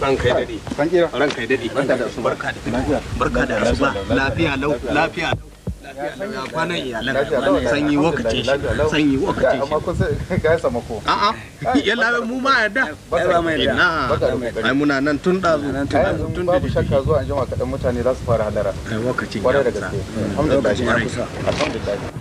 ranka dade ranka dade barka da su barka da barka da su lafiya lau lafiya kwanan iyalan sanyi wakace shi sanyi wakace shi ga sama ko a a ya lawe mu ma yadda ba mai na ai muna nan tun da tun da babu shakka zuwa an jima kadan mutane za su fara halara wakace kwarai da gaske alhamdulillah alhamdulillah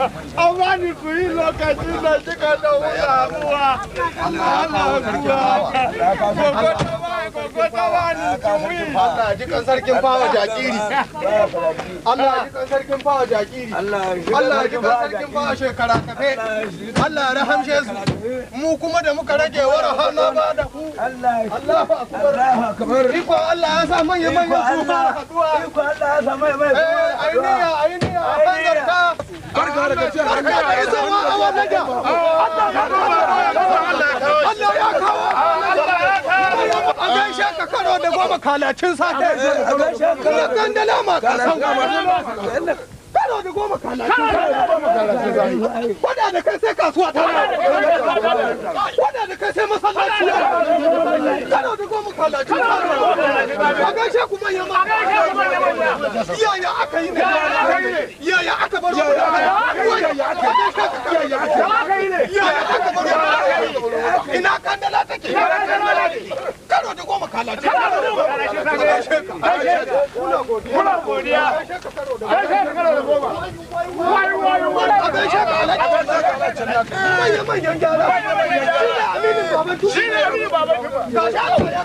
Amani ku yi lokaci na cika da wula ruwa. Allah Allah Allah ji kan sarkin fawa jakiri. Allah ji kan sarkin fawa jakiri. Allah ji kan sarkin fawa shekara kafe. Allah rahamshe su. Mu kuma da muka rage wa rahama ba da ku. allah akbar. Iko Allah ya sa manyan manyan su fara haduwa. Iko Allah ya sa manyan manyan su fara haduwa. Ainiya ainiya a bangarta. Barka da gajiya. Barka da isowa a wannan da. Allah ya kawo. Allah ya kawo. Allah ya kawo. koma kalacin sata kuma ma kasan kana da goma da kai sai kasuwa ta da kai sai masallaci kana da goma a gaishe ku manya ma yaya aka yi ne yaya aka yaya aka yi ne yaya aka ina kandala take karo ta goma kalace kuna godiya karo da goma wayo wayo wayo abin shaka alaƙa manyan manyan kala shi ne aminin baban shi ne aminin baban tuba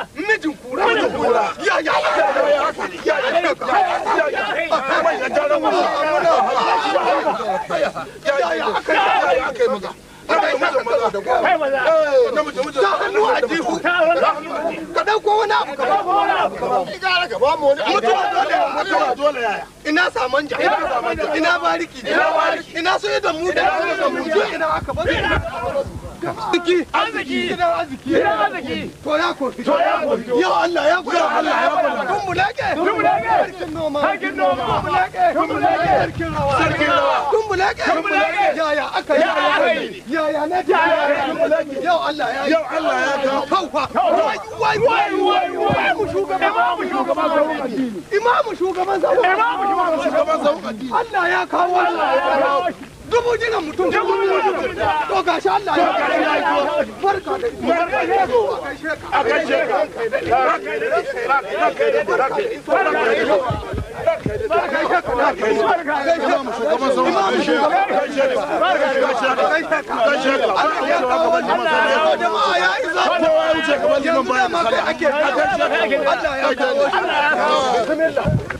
mijin kura mijin kura ya ya ya ina saman ja ina bariki ina bariki ina so da mu da ina aka ba Aziki! Aziki! gidan aziki? gidan arziki to ya ko fito ya ko fito ya Allah ya ko Allah ya ko kun mulake kun mulake sarkin noma sarkin noma kun mulake kun mulake sarkin rawa sarkin rawa kun mulake kun mulake ya ya aka ya ya ya na ya ya kun mulake ya Allah ya ya Allah ya ka kaufa wai wai wai wai imamu shugaban imamu shugaban sauƙin addini imamu shugaban sauƙin imamu shugaban sauƙin addini Allah ya kawo Allah ya kawo dubu jiran mutum to ga shi Allah ya barka da barka da zuwa a gaishe ka barka da barka da barka da Allah ya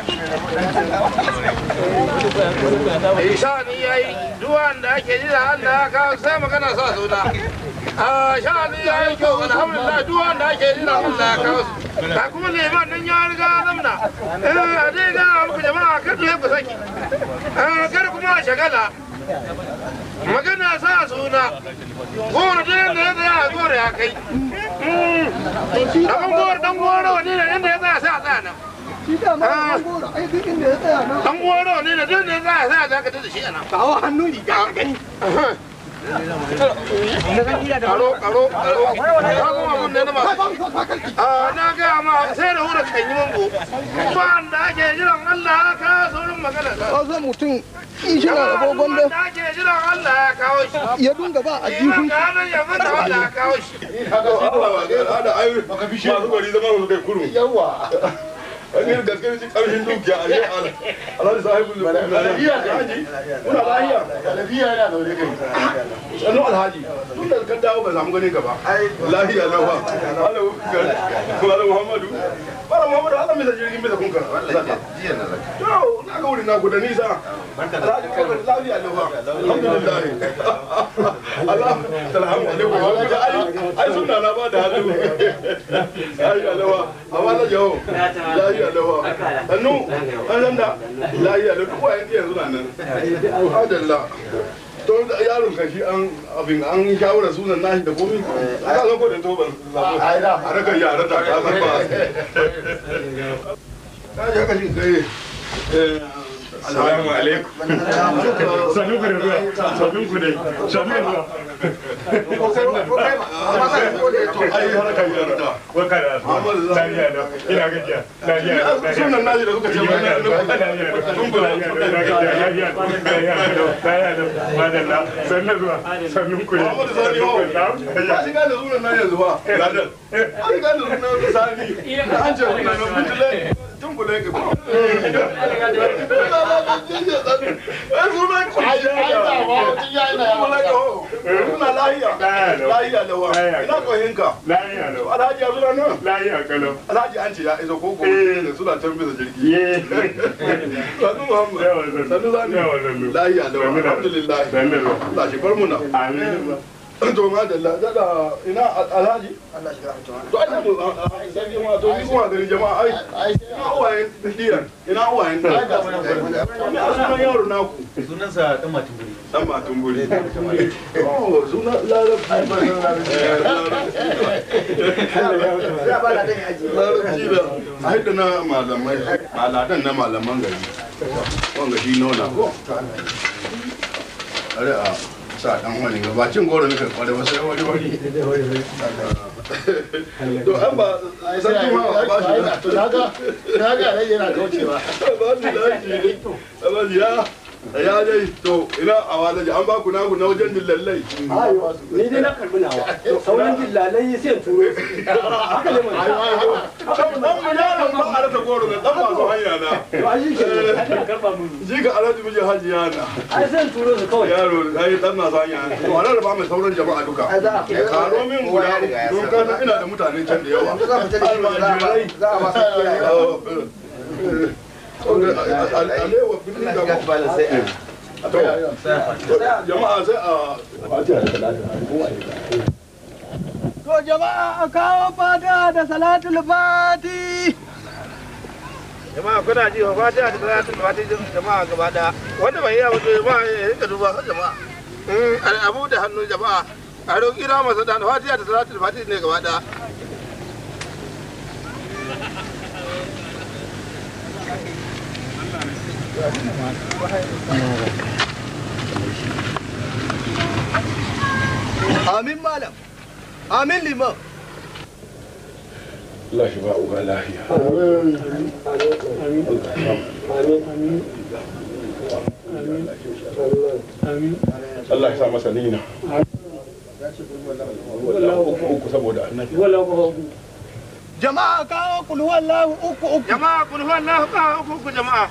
sha'ani ya yi duwan da ake jira da ya kawo sai magana sa suna a sha'ani ya yi kyau alhamdulillah duwan da ake jira Allah ya kawo ga kuma neman nan ya riga zamna eh, a dai ga muku jama'a kar ku saki eh, kar kuma shagala magana sa suna gora da yadda ya tsaya a gora ya kai hmm. abin gora dan gora wani da yadda ya dan goro ne da duk ne za a sa za ka tada shi a nan kawo hannun riga ka gani karo karo karo ka kuma mun ne na masu a na ga ma sai da hura kan yi mango ba an da ake jiran Allah ka saurin magana ta zo mutum ishin agogon da ake jiran Allah ya kawo shi ya dunga ba a jihun ka nan ya fada Allah ya kawo shi ka ga Allah ba da ayu maka bishi masu gari zama su kai kuru yawa kaga gaske ne karshen dukiya a yi ala alhaji sahibu da kuma lafiya ka haji muna lafiya lafiya yana da wani kai sannu alhaji tun da ka dawo ba samu gane ka lafiya na ba ala ala muhammadu ala muhammadu ala mai jirgin bisa kunka to na ga wuri na guda nisa lafiya na ba alhamdulillah Allah salamu alaikum ai sunna na ba da hannu ai alawa amma na jawo lahiya da fa sannu an san da lahiya da kowa yanzu yanzu na nan to yaron kan shi an abin an shawara sunan nashi da komi a ka san kodin toban a raka yara ta ka san ba ka je ka shi kai Assalamu alaikum. Sannu ruwa. Sannu tun kula yake ko muna ka ya ya to a dada ina alhaji Allah shi rahmatu to Allah to sai ma to ni jama'a ai ina uwayen diyan ina uwayen da ina sunan yaro naku sunan sa dan matumburi dan matumburi oh sunan larabci ai ba eh, larabci da dai aji larabci ba ai da na malamai aladan na malaman gari wanga shi nona ko are a sa dan wani ga bakin goro ne kai kware wasu wani wani to an ba ai san kuma ba shi yana kaucewa ba shi ba shi Eh, ya dai to ina a walaji an ba naku na wajen dillalai ni dai na karbi nawa sauran dillalai sai turo haka ne mai haka mun mun ya ran ba arata goro na dan masu hanya na to a shi ke karba mun ji ga alhaji miji haji yana ai sai turo su kawai yaro ai dan masu hanya to a rarraba mai sauran jama'a duka karo min guda don kana ina da mutane can da yawa za mu tare za a ba su alewa birni da jama'a sai a To jama'a a kawo fata da salatul fati. Jama'a kuna ji wa fata da salatul fati jama'a gaba da wanda bai yi abu jama'a ya rika duba kan jama'a. Eh, abu da hannu jama'a a roƙi na sa da fatiya da salatul fati ne gaba da. amin malam amin liman Allah shi ba uba lafiya. Amin. Amin. Amin. Amin. Allah ya sa masa nina. Jama'a kawo kulhuwan lahu uku uku. Jama'a kulhuwan lahu kawo uku uku jama'a.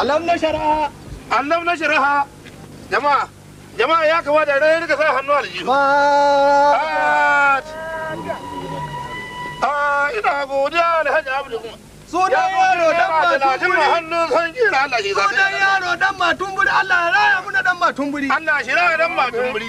Alam na shari'a. Alam na shari'a. Jama'a. Jama'a ya kamata idan ya rika sa hannu aljihu. Fat. A ina godiya da Hajji Abdu kuma. Sunan yaro dan ma buri. Hannun san kira Allah shi zai. Sunan yaro dan matun buri Allah ya raya muna dan matun buri. Allah shi raya dan matun buri.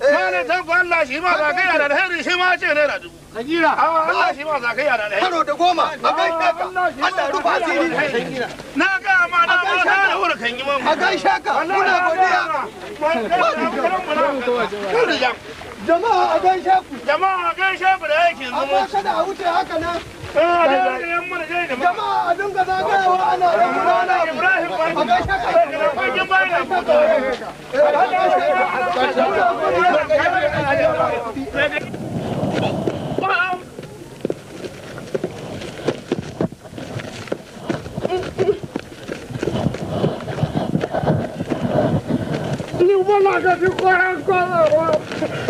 Eh. Malam tanko Allah shi ma zakai yana da hari shi ma ce naira dubu. Sagira. Allah shi ma zakai yana da hari. da goma. A kai ka. Allah rufa asiri. Sagira. Na ga ma na ma na da wuri kan yi mamu. A kai shaka. Muna godiya. Jama'a a gaishe ku. Jama'a a kai ku da yake zama. A gaishe da a wuce haka nan. jama'a dinga zagayawa ana ɗan gudana a não não Não não não não não